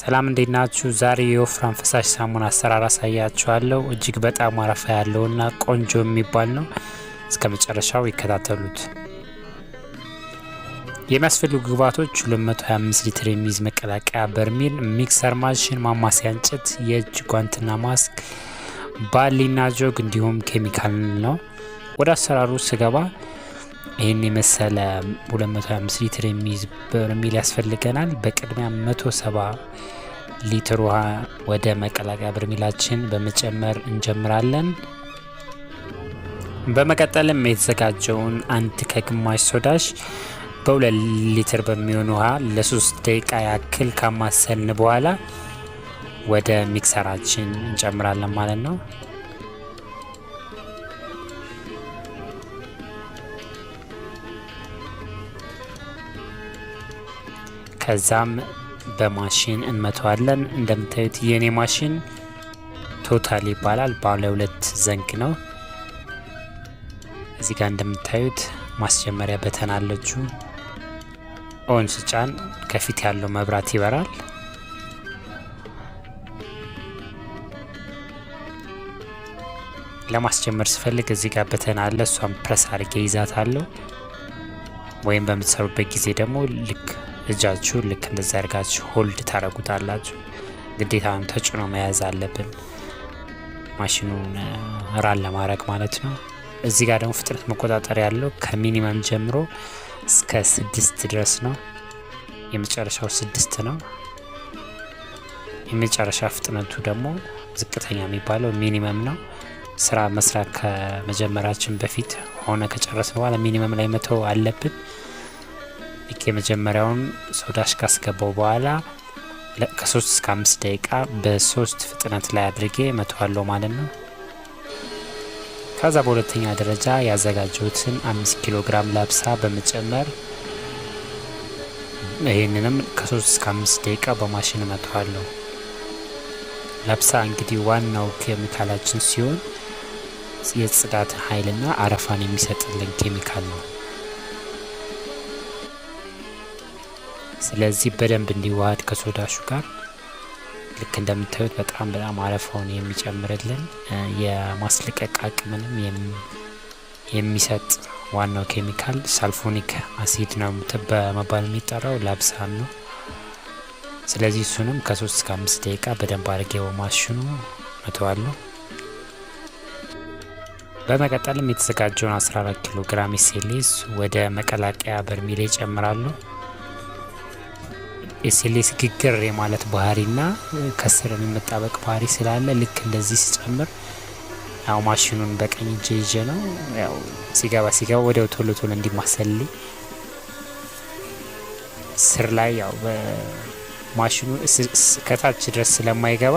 ሰላም እንዴት ናችሁ? ዛሬ የወፍራም ፈሳሽ ሳሙና አሰራር አሳያችኋለሁ። እጅግ በጣም አረፋ ያለውና ቆንጆ የሚባል ነው። እስከ መጨረሻው ይከታተሉት። የሚያስፈልጉ ግብዓቶች 225 ሊትር የሚይዝ መቀላቀያ በርሜል፣ ሚክሰር ማሽን፣ ማማሰያ እንጨት፣ የእጅ ጓንትና ማስክ፣ ባሊና ጆግ እንዲሁም ኬሚካል ነው። ወደ አሰራሩ ስገባ ይህን የመሰለ 225 ሊትር የሚይዝ በርሜል ያስፈልገናል። በቅድሚያ 170 ሊትር ውሃ ወደ መቀላቀያ በርሜላችን በመጨመር እንጀምራለን። በመቀጠልም የተዘጋጀውን አንድ ከግማሽ ሶዳሽ በሁለት ሊትር በሚሆን ውሃ ለሶስት ደቂቃ ያክል ካማሰልን በኋላ ወደ ሚክሰራችን እንጨምራለን ማለት ነው። ከዛም በማሽን እንመተዋለን። እንደምታዩት የኔ ማሽን ቶታል ይባላል። ባለ ሁለት ዘንግ ነው። እዚህ ጋር እንደምታዩት ማስጀመሪያ በተን አለችው። ኦን ስጫን ከፊት ያለው መብራት ይበራል። ለማስጀመር ስፈልግ እዚህ ጋር በተን አለ። እሷም ፕረስ አድርጌ ይዛት አለው ወይም በምትሰሩበት ጊዜ ደግሞ ልክ እጃችሁ ልክ እንደዚ አድርጋችሁ ሆልድ ታደረጉታላችሁ። ግዴታም ተጭኖ መያዝ አለብን ማሽኑን ራን uh, ለማድረግ ማለት ነው። እዚህ ጋር ደግሞ ፍጥነት መቆጣጠር ያለው ከሚኒመም ጀምሮ እስከ ስድስት ድረስ ነው። የመጨረሻው ስድስት ነው። የመጨረሻ ፍጥነቱ ደግሞ ዝቅተኛ የሚባለው ሚኒመም ነው። ስራ መስራት ከመጀመራችን በፊት ሆነ ከጨረስን በኋላ ሚኒመም ላይ መተው አለብን። ልክ የመጀመሪያውን ሶዳሽ ካስገባው በኋላ ከ3 እስከ 5 ደቂቃ በ3 ፍጥነት ላይ አድርጌ መተዋለው ማለት ነው። ከዛ በሁለተኛ ደረጃ ያዘጋጀሁትን 5 ኪሎ ግራም ላብሳ በመጨመር ይህንንም ከ3 እስከ 5 ደቂቃ በማሽን መተዋለው። ላብሳ እንግዲህ ዋናው ኬሚካላችን ሲሆን የጽዳትን ኃይልና አረፋን የሚሰጥልን ኬሚካል ነው። ስለዚህ በደንብ እንዲዋሃድ ከሶዳሹ ጋር ልክ እንደምታዩት በጣም በጣም አረፋውን የሚጨምርልን የማስለቀቅ አቅምንም የሚሰጥ ዋናው ኬሚካል ሳልፎኒክ አሲድ ነው በመባል የሚጠራው ላብሳን ነው። ስለዚህ እሱንም ከሶስት እስከ አምስት ደቂቃ በደንብ አድርጌ በማሽኑ መተዋለሁ። በመቀጠልም የተዘጋጀውን 14 ኪሎ ግራም ሴሌስ ወደ መቀላቀያ በርሜል ይጨምራሉ። ኤስኤልኤስ ግግር የማለት ባህሪና ከስርን የመጣበቅ ባህሪ ስላለ ልክ እንደዚህ ሲጨምር ያው ማሽኑን በቀኝ እጄ ይዤ ነው ያው ሲገባ ሲገባ ወዲያው ቶሎ ቶሎ እንዲማሰል ስር ላይ ያው በማሽኑ ከታች ድረስ ስለማይገባ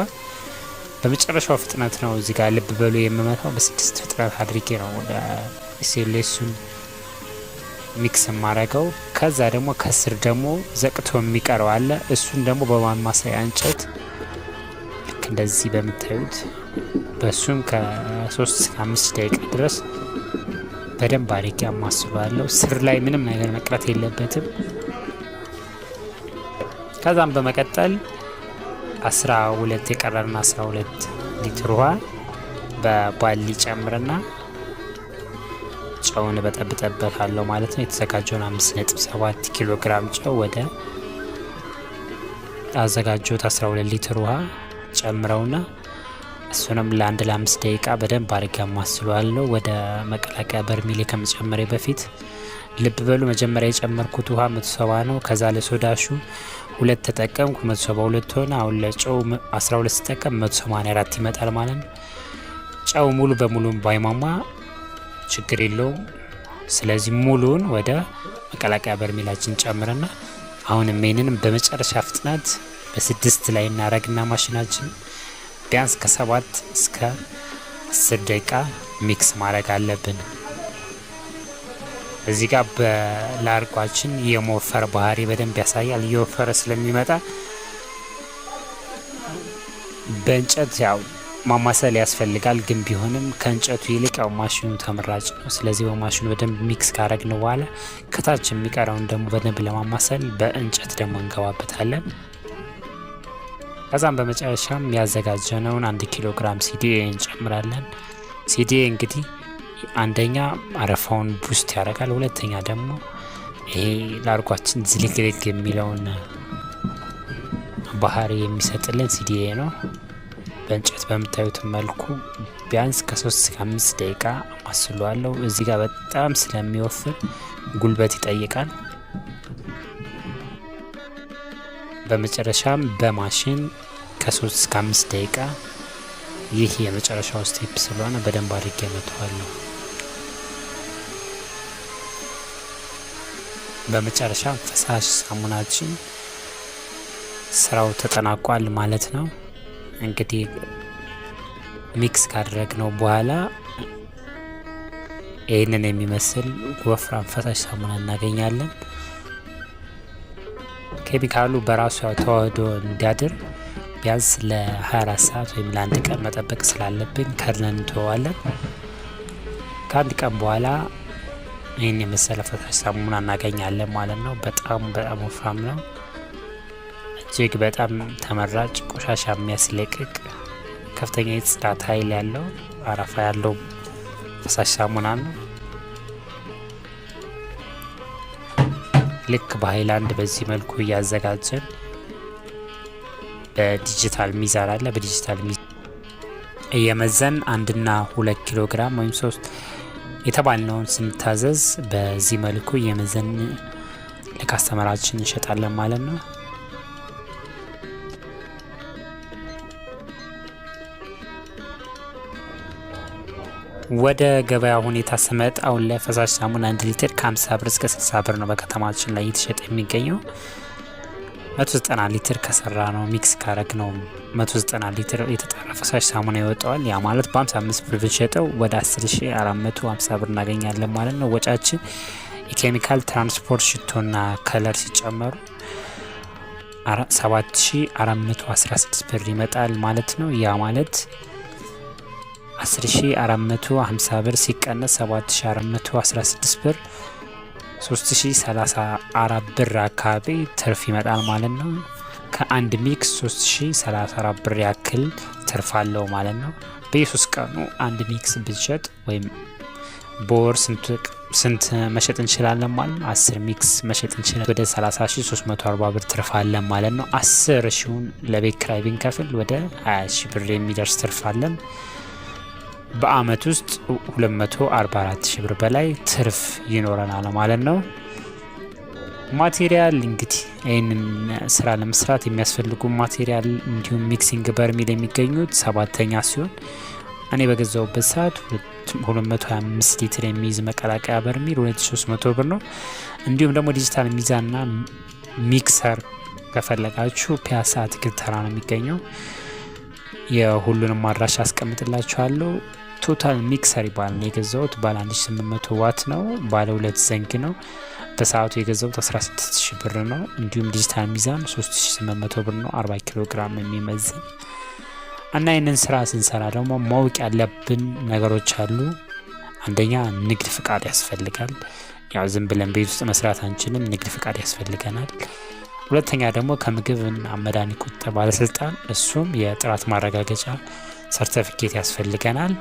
በመጨረሻው ፍጥነት ነው እዚህ ጋር ልብ በሉ የምመታው። በስድስት ፍጥነት አድርጌ ነው ወደ ኤስኤልኤሱን ሚክስ የማረገው ከዛ ደግሞ ከስር ደግሞ ዘቅቶ የሚቀረው አለ። እሱን ደግሞ በማማሰያ እንጨት ልክ እንደዚህ በምታዩት በእሱም ከሶስት እስከ አምስት ደቂቃ ድረስ በደንብ አድርጌ አለው ስር ላይ ምንም ነገር መቅረት የለበትም። ከዛም በመቀጠል አስራ ሁለት የቀረና አስራ ሁለት ሊትር ውሃ በባሊ ጨምርና ጨውን በጠብጠበታለሁ ማለት ነው። የተዘጋጀውን ሰባት ኪሎ ግራም ጨው ወደ አዘጋጀሁት 12 ሊትር ውሃ ጨምረውና እሱንም ለአንድ ለአምስት ደቂቃ በደንብ አድርጌ አማስለዋለሁ። ወደ መቀላቀያ በርሜሌ ከመጨመሬ በፊት ልብ በሉ መጀመሪያ የጨመርኩት ውሃ መቶ ሰባ ነው። ከዛ ለሶዳሹ ሁለት ተጠቀምኩ፣ መቶ ሰባ ሁለት ሆነ። አሁን ለጨው 12 ስጠቀም መቶ ሰማንያ አራት ይመጣል ማለት ነው። ጨው ሙሉ በሙሉ ባይሟሟ ችግር የለውም። ስለዚህ ሙሉውን ወደ መቀላቀያ በርሜላችን ጨምረና አሁንም ሜንንም በመጨረሻ ፍጥነት በስድስት ላይ እናረግና ማሽናችን ቢያንስ ከሰባት እስከ አስር ደቂቃ ሚክስ ማድረግ አለብን። እዚህ ጋር በላርጓችን የመወፈር ባህሪ በደንብ ያሳያል። እየወፈረ ስለሚመጣ በእንጨት ያው ማማሰል ያስፈልጋል። ግን ቢሆንም ከእንጨቱ ይልቅ ያው ማሽኑ ተመራጭ ነው። ስለዚህ በማሽኑ በደንብ ሚክስ ካረግን በኋላ ከታች የሚቀረውን ደግሞ በደንብ ለማማሰል በእንጨት ደግሞ እንገባበታለን። ከዛም በመጨረሻም ያዘጋጀነውን አንድ ኪሎ ግራም ሲዲኤ እንጨምራለን። ሲዲኤ እንግዲህ አንደኛ አረፋውን ቡስት ያደርጋል፣ ሁለተኛ ደግሞ ይሄ ላርጓችን ዝልግልግ የሚለውን ባህሪ የሚሰጥልን ሲዲኤ ነው። በእንጨት በምታዩት መልኩ ቢያንስ ከ3 እስከ 5 ደቂቃ አስሏለሁ። እዚህ ጋር በጣም ስለሚወፍር ጉልበት ይጠይቃል። በመጨረሻም በማሽን ከ3 እስከ 5 ደቂቃ ይህ የመጨረሻው ስቴፕ ስለሆነ በደንብ አድርጌ መተዋለሁ። በመጨረሻ ፈሳሽ ሳሙናችን ስራው ተጠናቋል ማለት ነው። እንግዲህ ሚክስ ካደረግነው በኋላ ይህንን የሚመስል ወፍራም ፈሳሽ ሳሙና እናገኛለን። ኬሚካሉ በራሱ ተዋህዶ እንዲያድር ቢያንስ ለ24 ሰዓት ወይም ለአንድ ቀን መጠበቅ ስላለብን ከድነን እንተዋለን። ከአንድ ቀን በኋላ ይህን የመሰለ ፈሳሽ ሳሙና እናገኛለን ማለት ነው። በጣም በጣም ወፍራም ነው። እጅግ በጣም ተመራጭ ቆሻሻ የሚያስለቅቅ ከፍተኛ የጽዳት ኃይል ያለው አረፋ ያለው ፈሳሽ ሳሙና ነው። ልክ በሀይላንድ በዚህ መልኩ እያዘጋጀን በዲጂታል ሚዛን አለ። በዲጂታል ሚዛን እየመዘን አንድና ሁለት ኪሎ ግራም ወይም ሶስት የተባልነውን ስንታዘዝ በዚህ መልኩ እየመዘን ለካስተመራችን እንሸጣለን ማለት ነው። ወደ ገበያ ሁኔታ ስመጣ አሁን ላይ ፈሳሽ ሳሙና አንድ ሊትር ከ50 ብር እስከ 60 ብር ነው በከተማችን ላይ እየተሸጠ የሚገኘው። 190 ሊትር ከሰራ ነው ሚክስ ካረግ ነው 190 ሊትር የተጣራ ፈሳሽ ሳሙና ይወጣዋል። ያ ማለት በ55 ብር ብንሸጠው ወደ 10450 ብር እናገኛለን ማለት ነው። ወጫችን የኬሚካል ትራንስፖርት፣ ሽቶና ከለር ሲጨመሩ 7416 ብር ይመጣል ማለት ነው። ያ ማለት 10450 ብር ሲቀነስ 7416 ብር 3034 ብር አካባቢ ትርፍ ይመጣል ማለት ነው። ከአንድ ሚክስ 3034 ብር ያክል ትርፍ አለው ማለት ነው። በየሶስት ቀኑ አንድ ሚክስ ብንሸጥ ወይም በወር ስንት መሸጥ እንችላለን ማለት ነው? 10 ሚክስ መሸጥ እንችላለን። ወደ 30340 ብር ትርፍ አለን ማለት ነው። 10 ሺውን ለቤት ክራይ ብንከፍል ወደ 20 ሺ ብር የሚደርስ ትርፍ አለን። በአመት ውስጥ 244 ሺህ ብር በላይ ትርፍ ይኖረናል ማለት ነው። ማቴሪያል እንግዲህ ይህንን ስራ ለመስራት የሚያስፈልጉ ማቴሪያል እንዲሁም ሚክሲንግ በርሚል የሚገኙት ሰባተኛ ሲሆን እኔ በገዛውበት ሰዓት 225 ሊትር የሚይዝ መቀላቀያ በርሚል 2300 ብር ነው። እንዲሁም ደግሞ ዲጂታል ሚዛንና ሚክሰር ከፈለጋችሁ ፒያሳ አትክልት ተራ ነው የሚገኘው የሁሉንም አድራሽ አስቀምጥላችኋለሁ። ቶታል ሚክሰር ነው የገዛሁት ባለ 1800 ዋት ነው። ባለ ሁለት ዘንግ ነው። በሰዓቱ የገዛሁት 16 ብር ነው። እንዲሁም ዲጂታል ሚዛን 3800 ብር ነው። 40 ኪሎ ግራም የሚመዝን እና ይህንን ስራ ስንሰራ ደግሞ ማወቅ ያለብን ነገሮች አሉ። አንደኛ ንግድ ፍቃድ ያስፈልጋል። ያው ዝም ብለን ቤት ውስጥ መስራት አንችልም። ንግድ ፍቃድ ያስፈልገናል። ሁለተኛ ደግሞ ከምግብና መድኃኒት ቁጥጥር ባለስልጣን እሱም የጥራት ማረጋገጫ ሰርተፊኬት ያስፈልገናል።